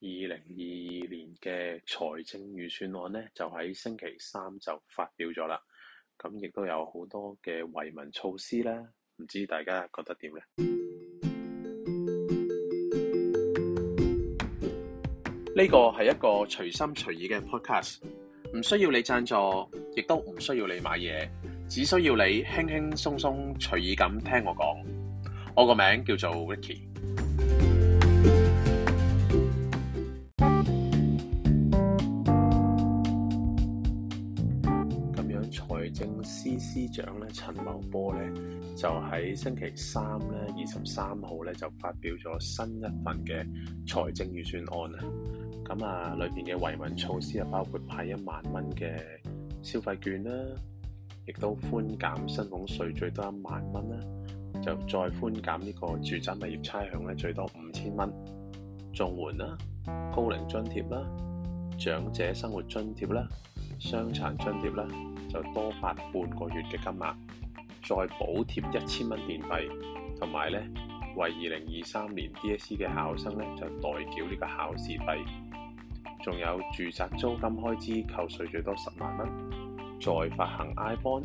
二零二二年嘅財政預算案呢，就喺星期三就發表咗啦。咁亦都有好多嘅惠民措施啦，唔知大家覺得點呢？呢個係一個隨心隨意嘅 podcast，唔需要你贊助，亦都唔需要你買嘢，只需要你輕輕鬆鬆隨意咁聽我講。我個名叫做 Ricky。財政司司長咧陳茂波咧就喺星期三咧二十三號咧就發表咗新一份嘅財政預算案啊！咁啊裏邊嘅惠民措施啊，包括派一萬蚊嘅消費券啦，亦都寬減薪俸稅最多一萬蚊啦，就再寬減呢個住宅物業差餉咧最多五千蚊，綜援啦、高齡津貼啦、長者生活津貼啦、傷殘津貼啦。就多發半個月嘅金額，再補貼一千蚊電費，同埋咧為二零二三年 DSE 嘅考生咧就代繳呢個考試費，仲有住宅租金開支扣稅最多十萬蚊，再發行 iBond，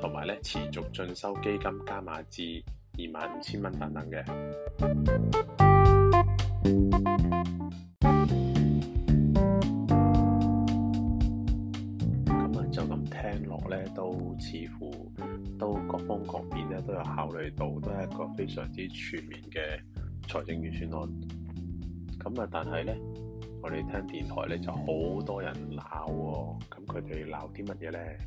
同埋咧持續進修基金加碼至二萬五千蚊等等嘅。非常之全面嘅財政預算案，咁啊，但係咧，我哋聽電台咧就好多人鬧喎、哦，咁佢哋鬧啲乜嘢咧？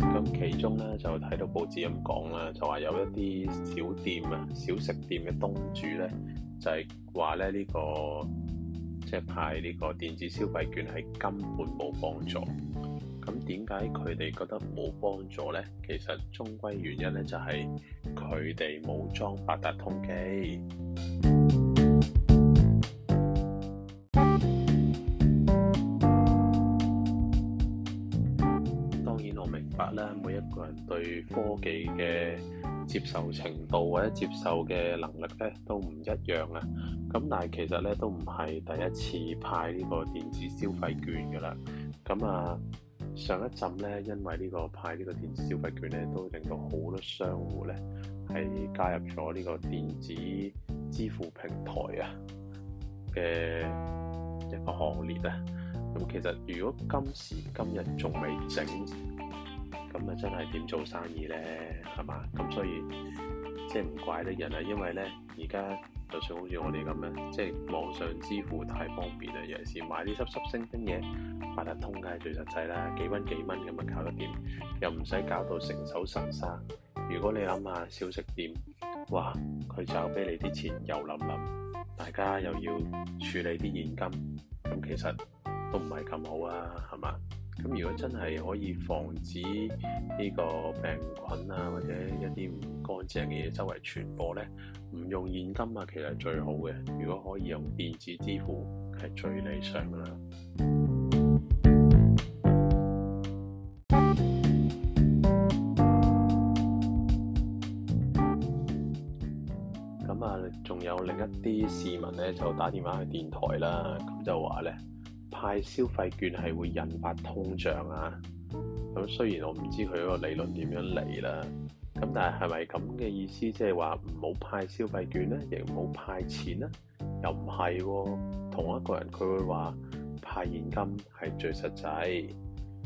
咁 其中咧就睇到報紙咁講啦，就話有一啲小店啊、小食店嘅東主咧，就係話咧呢、這個。即係派呢個電子消費券係根本冇幫助，咁點解佢哋覺得冇幫助呢？其實終歸原因咧就係佢哋冇裝八達通機。法啦，每一個人對科技嘅接受程度或者接受嘅能力咧，都唔一樣啊。咁但係其實咧都唔係第一次派呢個電子消費券㗎喇。咁啊，上一陣咧，因為呢個派呢個電子消費券咧，都令到好多商戶咧係加入咗呢個電子支付平台啊嘅一個行列啊。咁其實如果今時今日仲未整。咁啊，真係點做生意咧？係嘛？咁所以即唔怪得人啊，因為咧而家就算好似我哋咁樣，即係網上支付太方便啊！尤其是買啲濕濕星星嘢，八達通梗係最實際啦，幾蚊幾蚊咁啊，搞得掂，又唔使搞到成手神沙。如果你諗下小食店，哇，佢找俾你啲錢又淋淋，大家又要處理啲現金，咁其實都唔係咁好啊，係嘛？咁如果真係可以防止呢個病菌啊或者一啲唔乾淨嘅嘢周圍傳播呢，唔用現金啊，其實是最好嘅。如果可以用電子支付，係最理想㗎啦。咁 啊，仲有另一啲市民呢，就打電話去電台啦，咁就話呢。派消費券係會引發通脹啊！咁雖然我唔知佢嗰個理論點樣嚟啦，咁但係係咪咁嘅意思，即係話唔好派消費券咧，亦唔好派錢咧？又唔係、哦、同一個人，佢會話派現金係最實仔實際。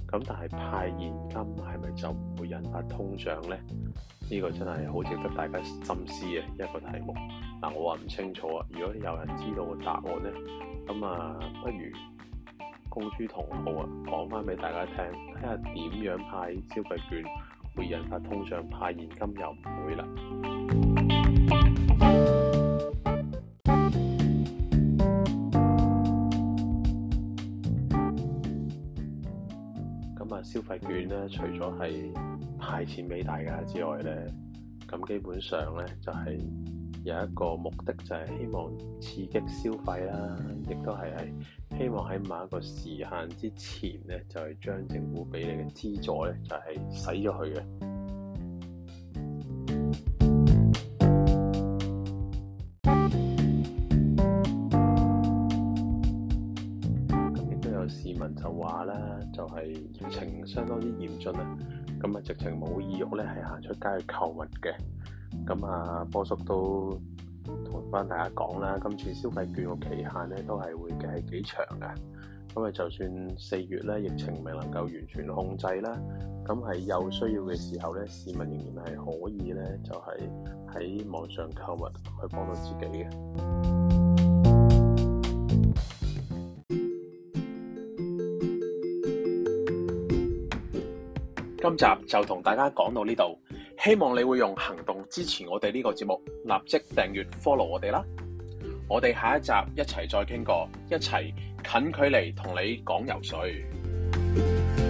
咁但係派現金係咪就唔會引發通脹咧？呢、呢個真係好值得大家深思嘅一個題目。嗱，我話唔清楚啊！如果有人知道個答案咧，咁啊，不如～公豬同號啊，講翻俾大家聽，睇下點樣派消費券會引發通脹，派現金又唔會啦。咁啊、嗯，消費券咧，除咗係派錢俾大家之外咧，咁基本上咧就係、是。有一個目的就係希望刺激消費啦，亦都係係希望喺某一個時限之前咧，就係將政府俾你嘅資助咧，就係使咗去嘅。咁亦都有市民就話啦，就係疫情相當之嚴峻啦，咁啊直情冇意欲咧係行出街去購物嘅。咁啊，波叔都同翻大家講啦，今次消費券嘅期限咧都係會係幾長嘅。咁啊，就算四月咧疫情未能夠完全控制啦，咁喺有需要嘅時候咧，市民仍然係可以咧，就係喺網上購物去幫到自己嘅。今集就同大家講到呢度。希望你會用行動支持我哋呢個節目，立即訂閱 follow 我哋啦！我哋下一集一齊再傾過，一齊近距離同你講游水。